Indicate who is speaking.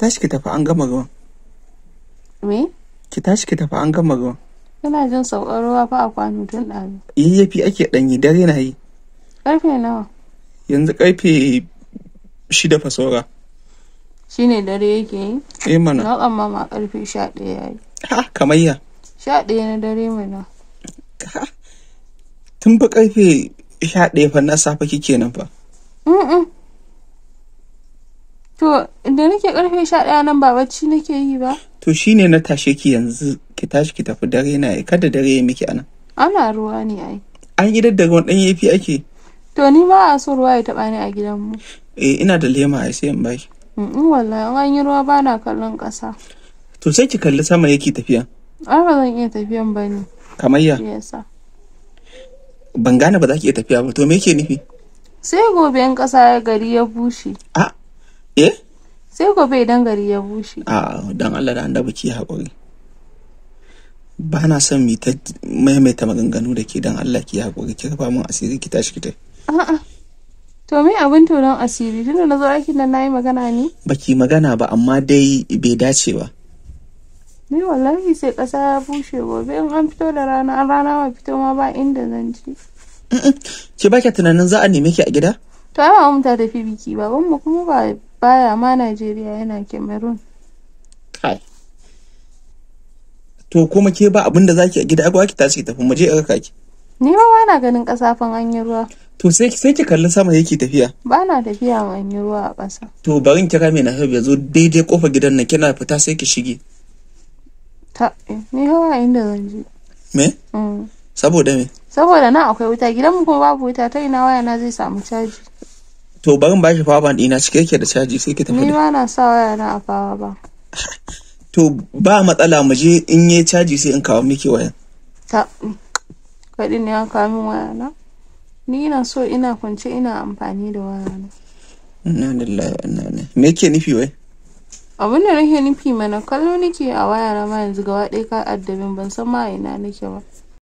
Speaker 1: tashi ki tafi an gama ruwan me ki tashi ki tafi an gama ruwan
Speaker 2: Yana jin saukar ruwa fa a kwano tun ɗazu
Speaker 1: yayyafi ake ɗanyi dare na yi
Speaker 2: Karfe nawa
Speaker 1: yanzu karfe shida fa saura
Speaker 2: shi ne dare yake yi
Speaker 1: eh mana na ƙamma
Speaker 2: ma karfe sha ɗaya ya yi
Speaker 1: ha ya.
Speaker 2: sha ɗaya na dare mana
Speaker 1: tun fa karfe sha ɗaya fa na safe kike nan fa
Speaker 2: To, da nake karfe sha ɗaya nan ba bacci nake yi ba.
Speaker 1: To shi ne na tashe ki yanzu ki tashi ki tafi dare na kada dare ya miki anan.
Speaker 2: Ana ruwa ne ai.
Speaker 1: An yi da ruwan ɗan yafi ake.
Speaker 2: To ni ba a so ruwa ya taɓa ni a gidanmu.
Speaker 1: Eh ina da lema a sai in baki.
Speaker 2: In wallahi in an yi ruwa ba na kallon ƙasa.
Speaker 1: To sai ki kalli sama yake tafiya.
Speaker 2: Ai ba zan iya tafiyan ba ne.
Speaker 1: Kamar ya? Yasa. Ban gane ba za ki iya tafiya ba to me ke nufi?
Speaker 2: Sai gobe in ƙasa ya gari ya bushe. A eh sai gobe idan gari ya bushe
Speaker 1: a don Allah da annabi ki haƙuri ba na son mi ta maimaita maganganu da ke don Allah ki haƙuri ki rufa min asiri ki tashi ki tai
Speaker 2: a'a to me abin tonon asiri tunda na zo aikin nan nayi magana ne
Speaker 1: baki magana ba amma dai bai dace ba
Speaker 2: ni wallahi sai ƙasa ya bushe gobe in an fito da rana an rana ma fito ma ba inda zan ci
Speaker 1: ki ba ki tunanin za a neme ki a gida
Speaker 2: to ai ba mu ta tafi biki ba mu kuma ba baya ma Najeriya yana Cameroon.
Speaker 1: Kai. To kuma ke ba abinda zaki a gida agwa ki tashi tafi mu je kaki.
Speaker 2: Ni ma na ganin kasafan an yi ruwa.
Speaker 1: To sai sai ki kalli sama yake tafiya.
Speaker 2: Ba na tafiya ma an yi ruwa a ƙasa.
Speaker 1: To barin kira mai na ya zo daidai kofa gidan na kina fita sai ki shige.
Speaker 2: Ta eh, ni hawa inda zan je. Me? Mm. Saboda me? Saboda na akwai wuta gidan mu kuma babu wuta ta ina waya na zai samu caji.
Speaker 1: to bari in bashi power bank dina cike yake da caji sai ke tafi ni
Speaker 2: ma na sa waya na a power bank
Speaker 1: to ba matsala mu je in yi caji sai in kawo miki waya.
Speaker 2: ta kaɗi ne an kawo min waya na ni ina so ina kwance ina amfani da waya na
Speaker 1: inna lillahi wa inna ilaihi me yake nufi wai
Speaker 2: abin da nake nufi mana kallo nake a waya na ma yanzu gaba ɗaya ka addabin ban san ma ina nake ba